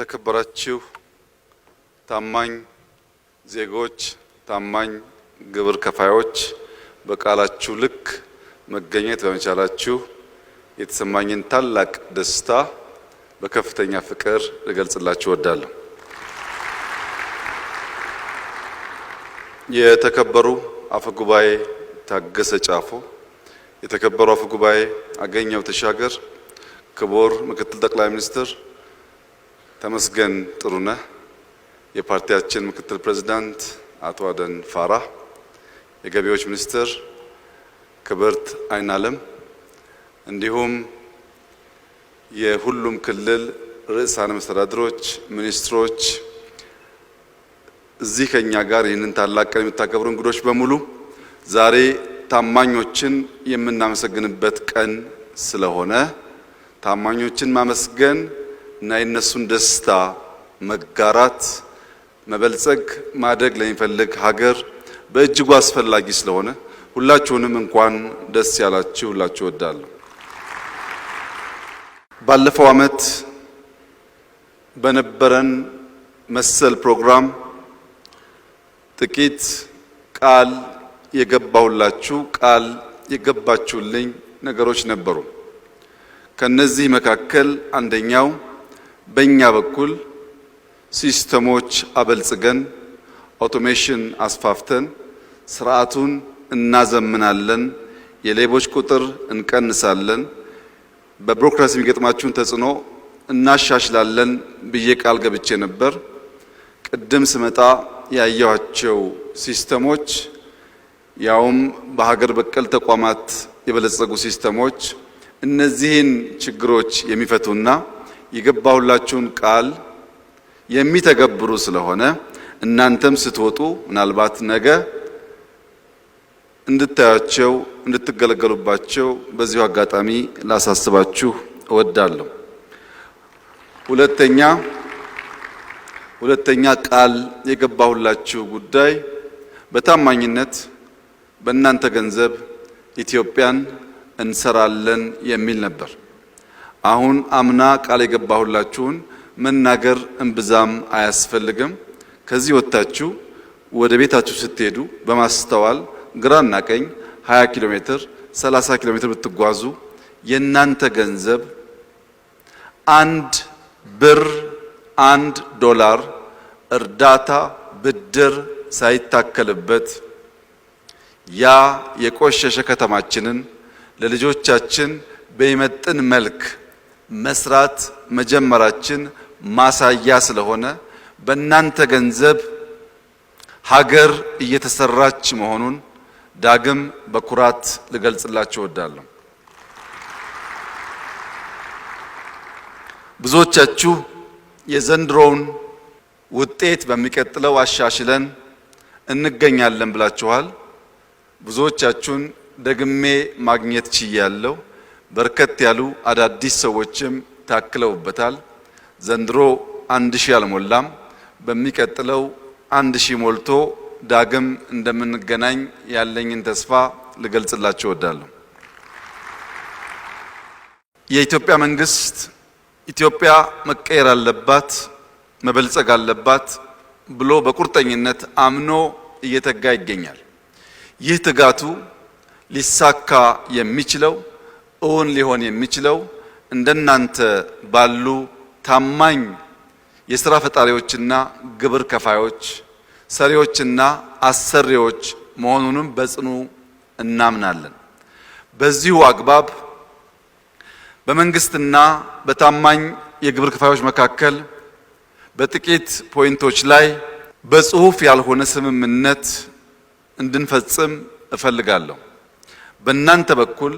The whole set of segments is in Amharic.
የተከበራችሁ ታማኝ ዜጎች፣ ታማኝ ግብር ከፋዮች በቃላችሁ ልክ መገኘት በመቻላችሁ የተሰማኝን ታላቅ ደስታ በከፍተኛ ፍቅር ልገልጽላችሁ እወዳለሁ። የተከበሩ አፈ ጉባኤ ታገሰ ጫፎ፣ የተከበሩ አፈ ጉባኤ አገኘው ተሻገር፣ ክቡር ምክትል ጠቅላይ ሚኒስትር ተመስገን ጥሩነህ የፓርቲያችን ምክትል ፕሬዚዳንት አቶ አደን ፋራ፣ የገቢዎች ሚኒስትር ክብርት አይናለም እንዲሁም የሁሉም ክልል ርዕሳነ መስተዳድሮች፣ ሚኒስትሮች እዚህ ከኛ ጋር ይህንን ታላቅ ቀን የምታከብሩ እንግዶች በሙሉ ዛሬ ታማኞችን የምናመሰግንበት ቀን ስለሆነ ታማኞችን ማመስገን እና የነሱን ደስታ መጋራት መበልጸግ ማደግ ለሚፈልግ ሀገር በእጅጉ አስፈላጊ ስለሆነ ሁላችሁንም እንኳን ደስ ያላችሁ። ሁላችሁ እወዳለሁ። ባለፈው ዓመት በነበረን መሰል ፕሮግራም ጥቂት ቃል የገባሁላችሁ ቃል የገባችሁልኝ ነገሮች ነበሩ። ከነዚህ መካከል አንደኛው በእኛ በኩል ሲስተሞች አበልጽገን አውቶሜሽን አስፋፍተን ስርዓቱን እናዘምናለን። የሌቦች ቁጥር እንቀንሳለን። በቢሮክራሲ የሚገጥማችሁን ተጽዕኖ እናሻሽላለን ብዬ ቃል ገብቼ ነበር። ቅድም ስመጣ ያየኋቸው ሲስተሞች ያውም በሀገር በቀል ተቋማት የበለጸጉ ሲስተሞች እነዚህን ችግሮች የሚፈቱና የገባሁላችሁን ቃል የሚተገብሩ ስለሆነ እናንተም ስትወጡ ምናልባት ነገ እንድታያቸው እንድትገለገሉባቸው በዚሁ አጋጣሚ ላሳስባችሁ እወዳለሁ። ሁለተኛ ሁለተኛ ቃል የገባሁላችሁ ጉዳይ በታማኝነት በእናንተ ገንዘብ ኢትዮጵያን እንሰራለን የሚል ነበር። አሁን አምና ቃል የገባሁላችሁን መናገር እምብዛም አያስፈልግም። ከዚህ ወጥታችሁ ወደ ቤታችሁ ስትሄዱ በማስተዋል ግራና ቀኝ 20 ኪሎ ሜትር 30 ኪሎ ሜትር ብትጓዙ የእናንተ ገንዘብ አንድ ብር አንድ ዶላር እርዳታ ብድር ሳይታከልበት ያ የቆሸሸ ከተማችንን ለልጆቻችን በሚመጥን መልክ መስራት መጀመራችን ማሳያ ስለሆነ በእናንተ ገንዘብ ሀገር እየተሰራች መሆኑን ዳግም በኩራት ልገልጽላችሁ እወዳለሁ። ብዙዎቻችሁ የዘንድሮውን ውጤት በሚቀጥለው አሻሽለን እንገኛለን ብላችኋል። ብዙዎቻችሁን ደግሜ ማግኘት ችያለሁ። በርከት ያሉ አዳዲስ ሰዎችም ታክለውበታል። ዘንድሮ አንድ ሺህ አልሞላም። በሚቀጥለው አንድ ሺህ ሞልቶ ዳግም እንደምንገናኝ ያለኝን ተስፋ ልገልጽላችሁ እወዳለሁ። የኢትዮጵያ መንግስት ኢትዮጵያ መቀየር አለባት፣ መበልጸግ አለባት ብሎ በቁርጠኝነት አምኖ እየተጋ ይገኛል። ይህ ትጋቱ ሊሳካ የሚችለው እውን ሊሆን የሚችለው እንደናንተ ባሉ ታማኝ የስራ ፈጣሪዎችና ግብር ከፋዮች፣ ሰሪዎችና አሰሪዎች መሆኑንም በጽኑ እናምናለን። በዚሁ አግባብ በመንግስትና በታማኝ የግብር ከፋዮች መካከል በጥቂት ፖይንቶች ላይ በጽሁፍ ያልሆነ ስምምነት እንድንፈጽም እፈልጋለሁ። በእናንተ በኩል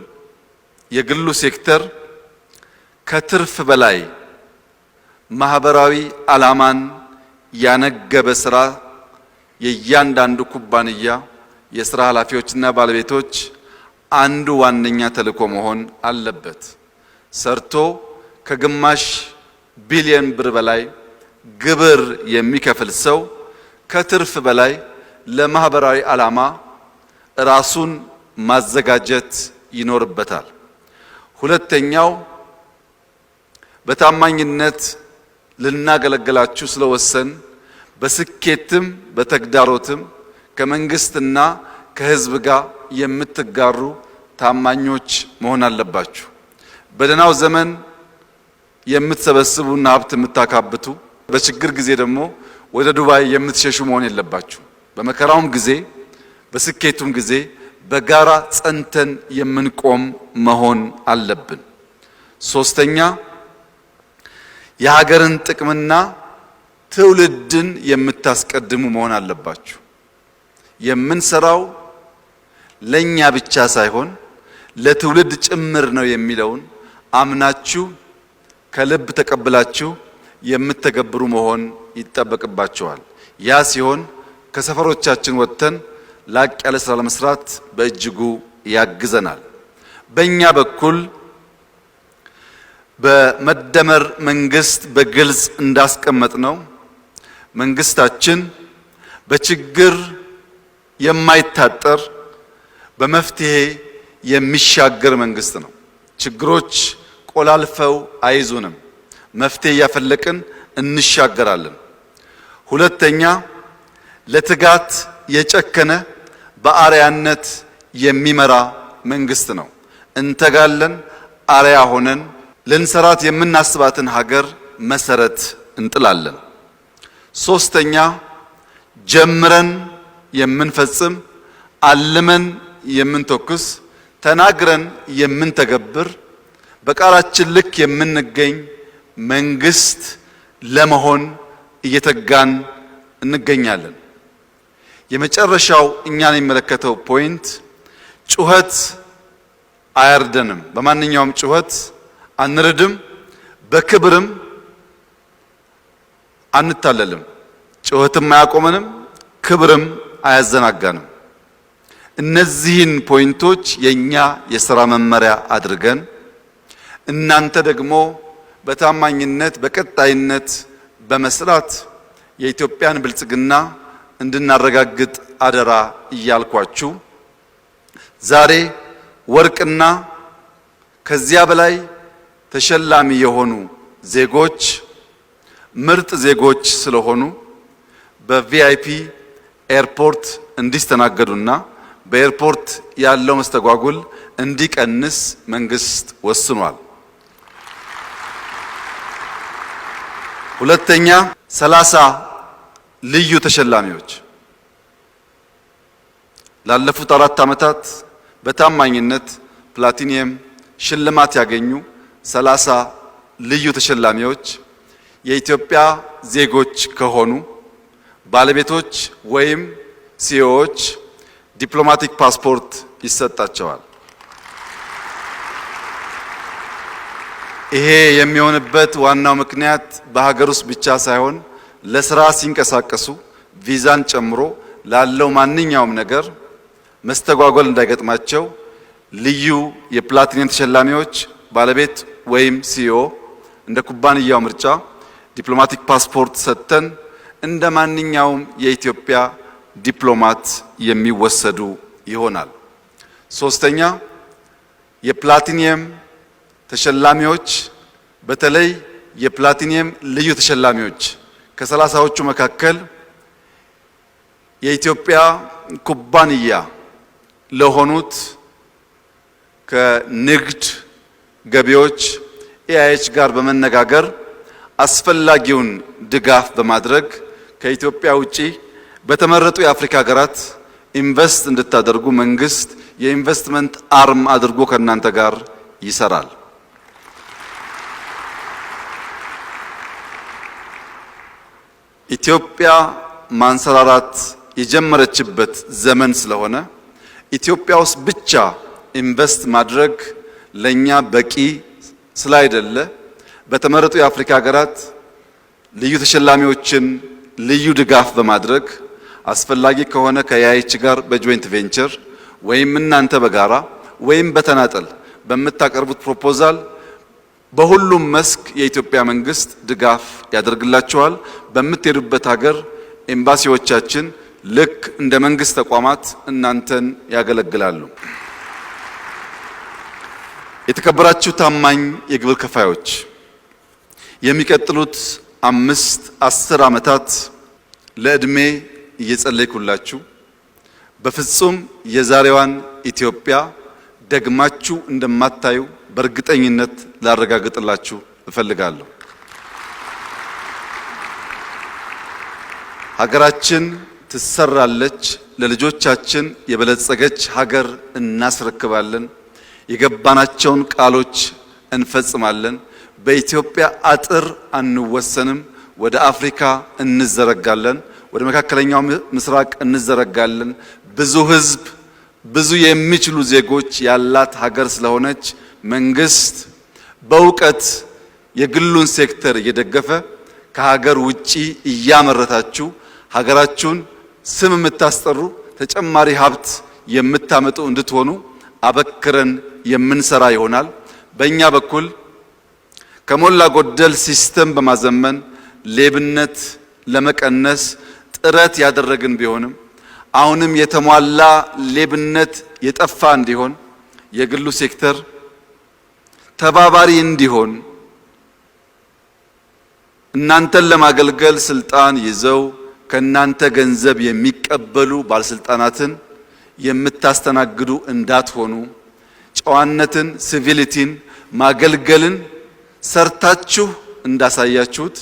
የግሉ ሴክተር ከትርፍ በላይ ማህበራዊ ዓላማን ያነገበ ስራ የእያንዳንዱ ኩባንያ የስራ ኃላፊዎችና ባለቤቶች አንዱ ዋነኛ ተልኮ መሆን አለበት። ሰርቶ ከግማሽ ቢሊዮን ብር በላይ ግብር የሚከፍል ሰው ከትርፍ በላይ ለማህበራዊ ዓላማ ራሱን ማዘጋጀት ይኖርበታል። ሁለተኛው በታማኝነት ልናገለግላችሁ ስለወሰን በስኬትም በተግዳሮትም ከመንግስትና ከህዝብ ጋር የምትጋሩ ታማኞች መሆን አለባችሁ። በደህናው ዘመን የምትሰበስቡና ሀብት የምታካብቱ፣ በችግር ጊዜ ደግሞ ወደ ዱባይ የምትሸሹ መሆን የለባችሁ። በመከራውም ጊዜ በስኬቱም ጊዜ በጋራ ጸንተን የምንቆም መሆን አለብን። ሶስተኛ የሀገርን ጥቅምና ትውልድን የምታስቀድሙ መሆን አለባችሁ። የምንሰራው ለኛ ብቻ ሳይሆን ለትውልድ ጭምር ነው የሚለውን አምናችሁ ከልብ ተቀብላችሁ የምትተገብሩ መሆን ይጠበቅባችኋል። ያ ሲሆን ከሰፈሮቻችን ወጥተን ላቅ ያለ ስራ ለመስራት በእጅጉ ያግዘናል። በእኛ በኩል በመደመር መንግስት በግልጽ እንዳስቀመጥ ነው መንግስታችን በችግር የማይታጠር በመፍትሄ የሚሻገር መንግስት ነው። ችግሮች ቆላልፈው አይዙንም። መፍትሄ እያፈለቅን እንሻገራለን። ሁለተኛ ለትጋት የጨከነ በአርያነት የሚመራ መንግስት ነው። እንተጋለን። አርያ ሆነን ልንሰራት የምናስባትን ሀገር መሰረት እንጥላለን። ሶስተኛ ጀምረን የምንፈጽም አልመን የምንተኩስ ተናግረን የምንተገብር በቃላችን ልክ የምንገኝ መንግስት ለመሆን እየተጋን እንገኛለን። የመጨረሻው እኛን የሚመለከተው ፖይንት ጩኸት አያርደንም። በማንኛውም ጩኸት አንርድም በክብርም አንታለልም። ጩኸትም አያቆመንም፣ ክብርም አያዘናጋንም። እነዚህን ፖይንቶች የእኛ የሥራ መመሪያ አድርገን እናንተ ደግሞ በታማኝነት በቀጣይነት በመስራት የኢትዮጵያን ብልጽግና እንድናረጋግጥ አደራ እያልኳችሁ ዛሬ ወርቅና ከዚያ በላይ ተሸላሚ የሆኑ ዜጎች ምርጥ ዜጎች ስለሆኑ በቪአይፒ ኤርፖርት እንዲስተናገዱና በኤርፖርት ያለው መስተጓጉል እንዲቀንስ መንግስት ወስኗል። ሁለተኛ ሰላሳ ልዩ ተሸላሚዎች ላለፉት አራት ዓመታት በታማኝነት ፕላቲኒየም ሽልማት ያገኙ ሰላሳ ልዩ ተሸላሚዎች የኢትዮጵያ ዜጎች ከሆኑ ባለቤቶች ወይም ሲዮዎች ዲፕሎማቲክ ፓስፖርት ይሰጣቸዋል። ይሄ የሚሆንበት ዋናው ምክንያት በሀገር ውስጥ ብቻ ሳይሆን ለስራ ሲንቀሳቀሱ ቪዛን ጨምሮ ላለው ማንኛውም ነገር መስተጓጎል እንዳይገጥማቸው ልዩ የፕላቲኒየም ተሸላሚዎች ባለቤት ወይም ሲኦ እንደ ኩባንያው ምርጫ ዲፕሎማቲክ ፓስፖርት ሰጥተን እንደ ማንኛውም የኢትዮጵያ ዲፕሎማት የሚወሰዱ ይሆናል። ሶስተኛ የፕላቲኒየም ተሸላሚዎች በተለይ የፕላቲኒየም ልዩ ተሸላሚዎች ከሰላሳዎቹ መካከል የኢትዮጵያ ኩባንያ ለሆኑት ከንግድ ገቢዎች ኤአይች ጋር በመነጋገር አስፈላጊውን ድጋፍ በማድረግ ከኢትዮጵያ ውጪ በተመረጡ የአፍሪካ ሀገራት ኢንቨስት እንድታደርጉ መንግስት የኢንቨስትመንት አርም አድርጎ ከእናንተ ጋር ይሰራል። ኢትዮጵያ ማንሰራራት የጀመረችበት ዘመን ስለሆነ ኢትዮጵያ ውስጥ ብቻ ኢንቨስት ማድረግ ለኛ በቂ ስላይደለ በተመረጡ የአፍሪካ ሀገራት ልዩ ተሸላሚዎችን ልዩ ድጋፍ በማድረግ አስፈላጊ ከሆነ ከያይች ጋር በጆይንት ቬንቸር ወይም እናንተ በጋራ ወይም በተናጠል በምታቀርቡት ፕሮፖዛል በሁሉም መስክ የኢትዮጵያ መንግስት ድጋፍ ያደርግላቸዋል። በምትሄዱበት ሀገር ኤምባሲዎቻችን ልክ እንደ መንግስት ተቋማት እናንተን ያገለግላሉ። የተከበራችሁ ታማኝ የግብር ከፋዮች፣ የሚቀጥሉት አምስት አስር ዓመታት ለዕድሜ እየጸለይኩላችሁ በፍጹም የዛሬዋን ኢትዮጵያ ደግማችሁ እንደማታዩ በእርግጠኝነት ላረጋግጥላችሁ እፈልጋለሁ። ሀገራችን ትሰራለች። ለልጆቻችን የበለጸገች ሀገር እናስረክባለን። የገባናቸውን ቃሎች እንፈጽማለን። በኢትዮጵያ አጥር አንወሰንም። ወደ አፍሪካ እንዘረጋለን። ወደ መካከለኛው ምስራቅ እንዘረጋለን። ብዙ ሕዝብ ብዙ የሚችሉ ዜጎች ያላት ሀገር ስለሆነች መንግስት በእውቀት የግሉን ሴክተር እየደገፈ ከሀገር ውጪ እያመረታችሁ ሀገራችሁን ስም የምታስጠሩ ተጨማሪ ሀብት የምታመጡ እንድትሆኑ አበክረን የምንሰራ ይሆናል። በእኛ በኩል ከሞላ ጎደል ሲስተም በማዘመን ሌብነት ለመቀነስ ጥረት ያደረግን ቢሆንም አሁንም የተሟላ ሌብነት የጠፋ እንዲሆን የግሉ ሴክተር ተባባሪ እንዲሆን እናንተን ለማገልገል ስልጣን ይዘው ከእናንተ ገንዘብ የሚቀበሉ ባለስልጣናትን የምታስተናግዱ እንዳትሆኑ ጨዋነትን፣ ሲቪሊቲን፣ ማገልገልን ሰርታችሁ እንዳሳያችሁት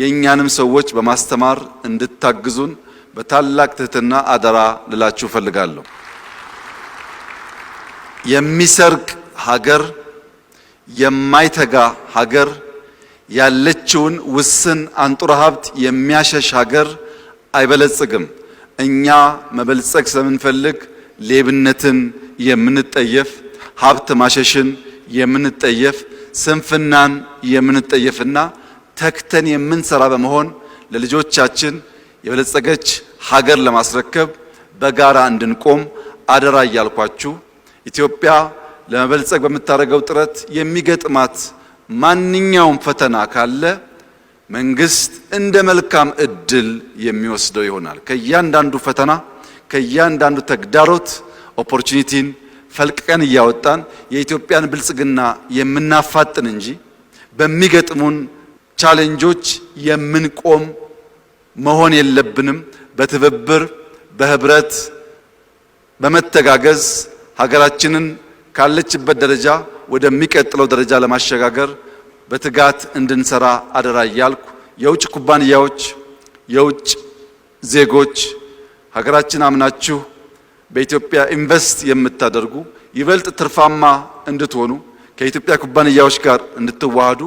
የእኛንም ሰዎች በማስተማር እንድታግዙን በታላቅ ትህትና አደራ ልላችሁ ፈልጋለሁ የሚሰርቅ ሀገር፣ የማይተጋ ሀገር፣ ያለችውን ውስን አንጡረ ሀብት የሚያሸሽ ሀገር አይበለጽግም። እኛ መበልጸግ ስለምንፈልግ ሌብነትን የምንጠየፍ፣ ሀብት ማሸሽን የምንጠየፍ፣ ስንፍናን የምንጠየፍና ተክተን የምንሰራ በመሆን ለልጆቻችን የበለጸገች ሀገር ለማስረከብ በጋራ እንድንቆም አደራ እያልኳችሁ ኢትዮጵያ ለመበልጸግ በምታደርገው ጥረት የሚገጥማት ማንኛውም ፈተና ካለ መንግስት እንደ መልካም እድል የሚወስደው ይሆናል። ከእያንዳንዱ ፈተና ከእያንዳንዱ ተግዳሮት ኦፖርቹኒቲን ፈልቅቀን እያወጣን የኢትዮጵያን ብልጽግና የምናፋጥን እንጂ በሚገጥሙን ቻሌንጆች የምንቆም መሆን የለብንም። በትብብር በህብረት በመተጋገዝ ሀገራችንን ካለችበት ደረጃ ወደሚቀጥለው ደረጃ ለማሸጋገር በትጋት እንድንሰራ አደራ እያልኩ የውጭ ኩባንያዎች፣ የውጭ ዜጎች ሀገራችን አምናችሁ በኢትዮጵያ ኢንቨስት የምታደርጉ ይበልጥ ትርፋማ እንድትሆኑ ከኢትዮጵያ ኩባንያዎች ጋር እንድትዋሃዱ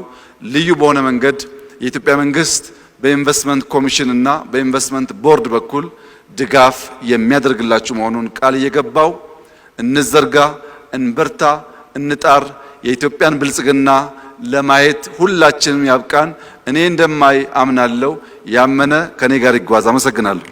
ልዩ በሆነ መንገድ የኢትዮጵያ መንግስት በኢንቨስትመንት ኮሚሽን እና በኢንቨስትመንት ቦርድ በኩል ድጋፍ የሚያደርግላችሁ መሆኑን ቃል እየገባው እንዘርጋ፣ እንበርታ፣ እንጣር። የኢትዮጵያን ብልጽግና ለማየት ሁላችንም ያብቃን። እኔ እንደማይ አምናለሁ። ያመነ ከኔ ጋር ይጓዝ። አመሰግናለሁ።